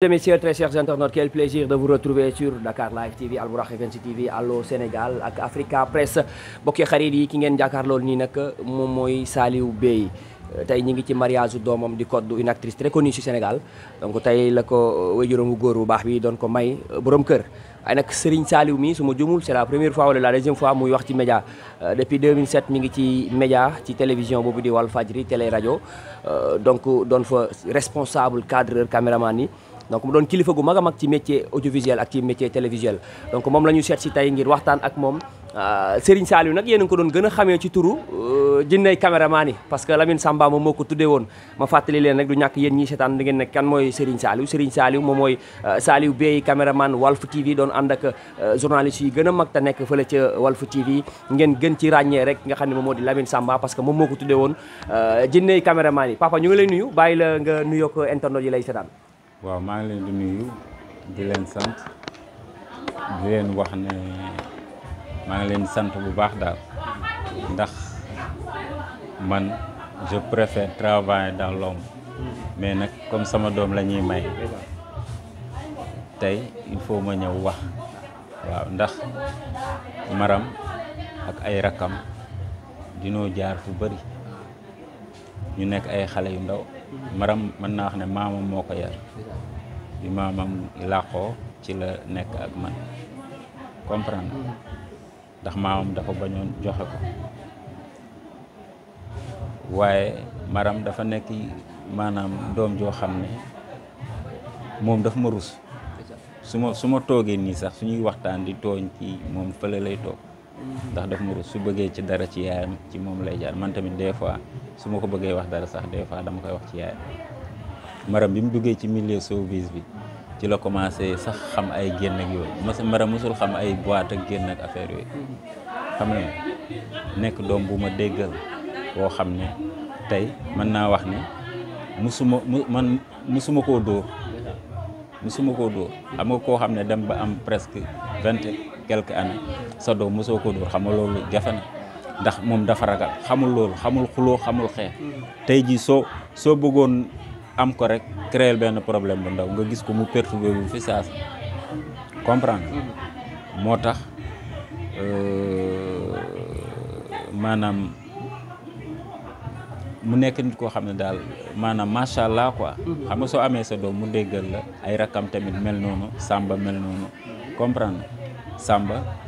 Mesdames, Messieurs, très chers internautes, quel plaisir de vous retrouver sur Dakar Live TV Alburaq Events TV Allo Sénégal avec Africa Press bokki xarit yi ki Dakar, Lol, nii nag moom mooy Saliou Bey euh, Tay ñi ngi ci mariage doomam di code une actrice très connue ci Sénégal donc tay la ko euh, wéjuróom bu bu baax bi don ko may euh, borom kër ay nak Serigne Saliou mi suma ma jumul c'est la première fois wala la deuxième fois muy wax ci média depuis 2007 mi ngi ci média ci télévision bobu di Fadjri, télé radio. donc don fa responsable cadreur caméraman ni. donc mu doon kilifa gu mag a mag ci métier audiovisuel ak ci métier télévisuel donc moom la ñu seet si tey ngir waxtaan ak moom euh, Serigne Saliou nak yeen a ko doon gëna xamé ci turu euh, jinnay cameraman yi parce que Lamine Samba moom moko ko won ma fatali len nak du ñak yeen ñi seetaan da ngeen nek kan moy Serigne Saliou Serigne Saliou moom moy euh, Saliou Bey cameraman Walf TV doon and ak journaliste yi gëna a mag te nekk fële ca Walf TV ngeen gën ci ragné rek nga xamné ne modi di Lamine Samba parce que moom moko ko won jinnay cameraman yi papa ñu ngi lay nuyu bayila nga nuyoo ko internet yi lay seetaan waaw maa ngi leen di nuyu di leen sant di leen wax ne maa ngi leen sant bu baax daal ndax man je préfère travailler dans l'ombre mais nag comme sama doom la ñuy may tey il faut ma ñëw wax waaw ndax maram ak ay rakkam dinoo jaar fu bari ñu nekk ay xale yu ndaw maram mën naa wax ne maamam moo ko yar bi maamam làqoo ci la nekk ak man comprendre ndax maamam dafa bañoon joxe ko waaye maram dafa nekk maanaam doom joo xam ne moom dafa ma rus su ma su ma toogee nii sax suñuy waxtaan di tooñ ci moom fële lay toog ndax daf ma ko su bëggee ci dara ci yaayam ci moom lay jaar man tamit des fois su ma ko bëggee wax dara sax des fois dama koy wax ci yaayam maram bi mu duggee ci milieu showbiz bi ci la commencé sax xam ay génn ak yooyu mos maram mosul xam ay boîte ak génn ak affaire yooyu xam nekk doom bu ma déggal boo xam ne tey mën naa wax ne musuma mu man koo dóor musuma koo dóor xam nga koo xam ne dem ba am presque vingt et quelques sa doom mosoo ko dóor xam nga loolu jafe na ndax moom dafa ragal xamul loolu xamul xuloo xamul xeex mm. tey jii soo soo bëggoon am ko rek créer benn problème bu ndaw nga gis ko mu perturbé bu fi saas comprendre mm. moo tax euh, maanaam mu nekk nit koo xam ne daal maanaam macha allah quoi. Mm. xam nga soo amee sa doom mu déggal la ay rakkam tamit mel noonu Samba mel noonu comprendre Samba.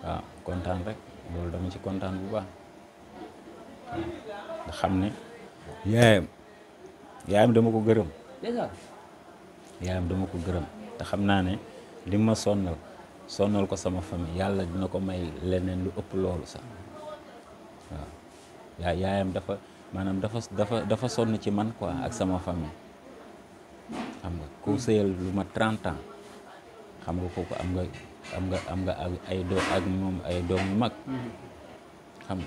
waaw kontaan rek loolu dama ci kontaan bu baax nga xam ne yaayam yaayam dama ko gërëm yaayam dama ko gërëm te xam naa ne li ma sonnal sonnal ko sama famille yàlla dina ko may leneen lu ëpp loolu sax waaw yaa yaayam dafa maanaam dafa dafa dafa sonn ci man quoi ak sama famille xam nga ku sëyal lu ma trent ans xam nga kooku am nga am nga am nga ay do ak mom ay doom yu mag xam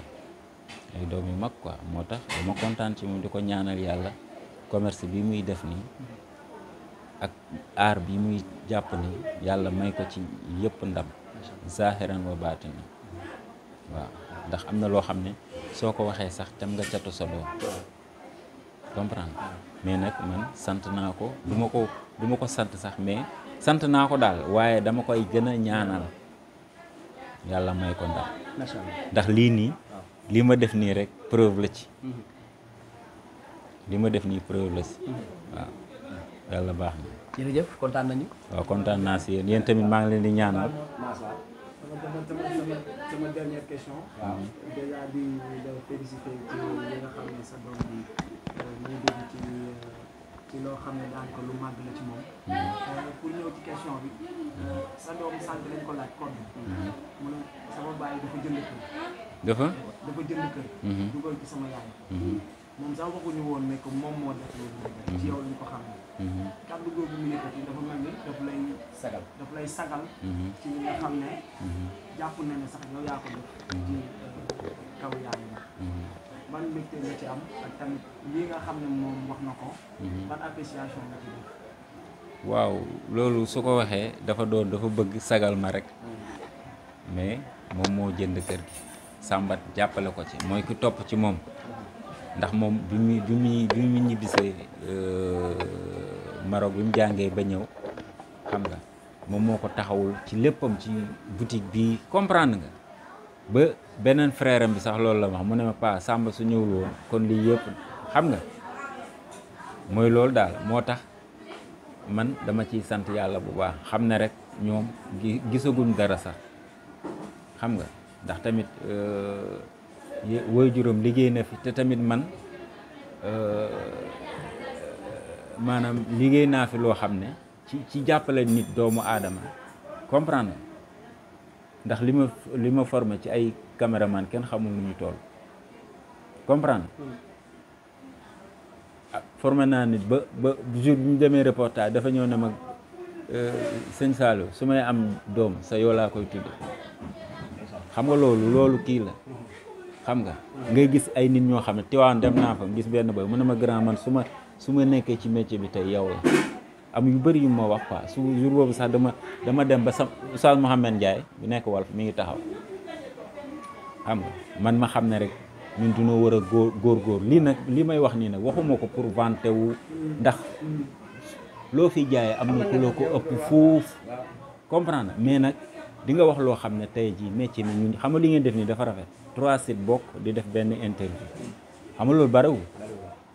nga ay doom yu mag quoi motax dama kontaan ci mom diko ñaanal yalla commerce bi muy def ni ak art bi muy japp ni yalla may ko ci yep ndam zahiran wa baatin wa ndax amna lo xamne soko waxe sax tam nga ciatu solo comprendre mais nak man sant nako duma ko duma ko sant sax mais sant na ko dal, waye dama koy gëna ñaanal yalla may ko ndax ndax li ni li ma def ni rek preuve la ci mhm. li ma def ni preuve la ci mhm. waaw yàlla baax na jërëjëf contane nañu wa contane na ci yeen tamit ma ngi leen di ñaanal sama dernière question question bi sa doom sànq lañ ko laaj code mu ne sama baay dafa jënd kër. dafa dafa jënd kër. Mhm. dugal ci sama yaay. Mhm. moom sax waxuñu woon ne que moom moo def loolu. Mhm. ci yow lañ ko xam. kàddu googu mu yëkkati dafa mel ni daf lay. sagal daf lay sagal. ci li nga xam ne. jàpp na ne sax yow yaa ko def. ci kaw yaay ban mbégte nga ci am ak tamit lii nga xam ne moom wax na ko. ban appréciation nga ci def. Wow, loolu su ko waxee dafa doon dafa bëgg sagal ma rek mais moom moo jënd kër gi sàmbat jàppale ko ci mooy ku topp ci moom ndax moom bi mu bi mu bi mu ñibbisee euh, Maroc bi mu jàngee ba ñëw xam nga moom moo ko taxawul ci léppam ci bi comprendre nga ba beneen frère bisa bi sax loolu la wax mu ne ma pa Samba su ñëwul woon kon lii man dama ciy sant yàlla bu baax xam ne rek ñoom gisaguñ dara sax xam nga ndax tamit euh, woy juróom liggéey na fi te tamit man euh, maanaam liggéey naa fi loo xam ne ci ci jàppale nit doomu aadama comprendre ndax li ma li ma formé ci ay caméraman kenn xamul nu ñu tool comprendre formé naa nit ba ba jour bi ñu demee reportage dafa ñëw ne ma euh, sëñ saalo su may am doom sa yoo laa koy tudd xam nga loolu loolu kii la xam nga ngay gis ay nit ñoo xam ne Tiwaan dem naa fa gis benn boy mu na ma grand man su ma su ma nekkee ci métier bi tey yow la am yu bari yu ma wax quoi su jur boobu sax dama dama dem ba sa Oustaz Mouhamed Ndiaye bu nekk Walf mi ngi taxaw xam nga man ma xam ne rek ñun dunoo war a góor góor góor lii nag li may wax nii nag waxuma ko pour vanter wu ndax loo fi jaaye am na ku la ko ëpp fuuf comprendre mais nag di nga wax loo xam ne tey jii métier mi ñu xam nga li ngeen def nii dafa rafet trois sites bokk di def benn interview xam nga loolu barewul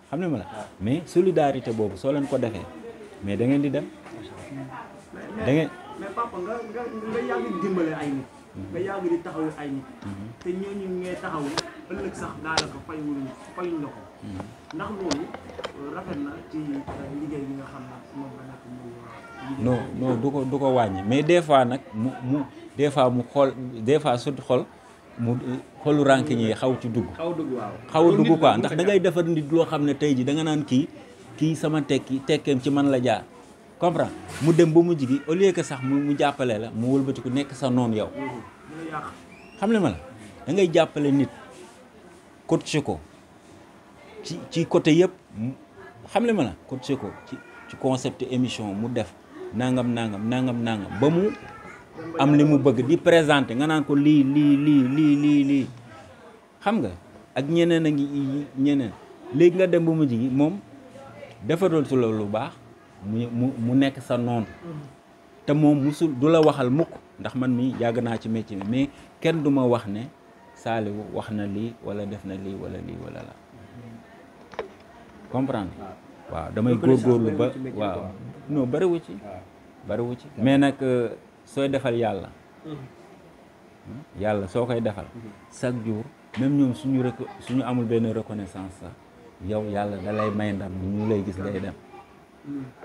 xam ne ma la mais solidarité boobu soo leen ko defee mais da ngeen di dem da Mhm. Mhm. Mhm. Euh, euh, nga yàgg di taxawul ay ko du ko du ko wàññi mais des fois nag mu mu des fois mu xool des fois su xool mu xolu rànkiñ xaw ci dugg xaw dugg waaw xaw dugg ndax da ngay defar nit loo xam ne tey ji da nga naan kii kii sama tekki tekkeem ci man la jaar comprends mu dem ba mujj gi au lieu que sax mu mu jàppalee la mu wëlbatiku nekk sa noonu yow. xam le ma la da jàppale nit coaché ko ci ci côté yëpp xam le ma la coaché ko ci ci concept émission mu def nangam nangam nangam nangam ba mu am li mu bëgg di présenté nga naan ko lii lii lii lii lii lii xam nga ak ñeneen a ngi ñeneen léegi nga dem bu mujj gi moom defatul su lu baax. mu mu nekk sa noonu. te moom su du la waxal mukk ndax man mi yàgg naa ci métier mi mais kenn du ma wax ne Saliou wax na lii wala def na lii wala lii wala la comprendre ah. waaw damay góorgóorlu ba waaw bariwu ci ah. bariwu ci mais nag euh, sooy defal yàlla mm-hmm. hmm? yàlla soo koy defal mm-hmm. chaque jour même ñoom suñu rek suñu amul benn reconnaissance sax yow yàlla da lay may ndam ñu lay gis ngay dem mm-hmm.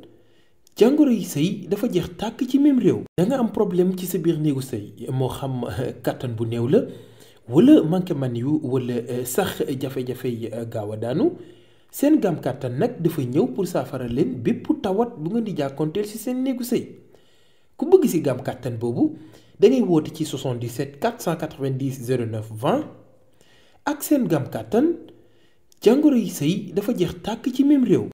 jàngoro yi sëy dafa jeex tàkk ci même réew da nga am problème ci sa biir néegu sëy moo xam euh, kàttan bu néew la wala manqué man yu wala euh, sax jafe-jafe yi euh, gaaw a daanu seen gam kàttan nag dafa ñëw pour saafara leen bépp tawat bu nga di jàkkoonteel ci seen néegu sëy ku bëgg si gam kàttan boobu da ngay woote ci 77 490 09 20 ak seen gam kàttan jàngoro yi sëy dafa jeex tàkk ci même réew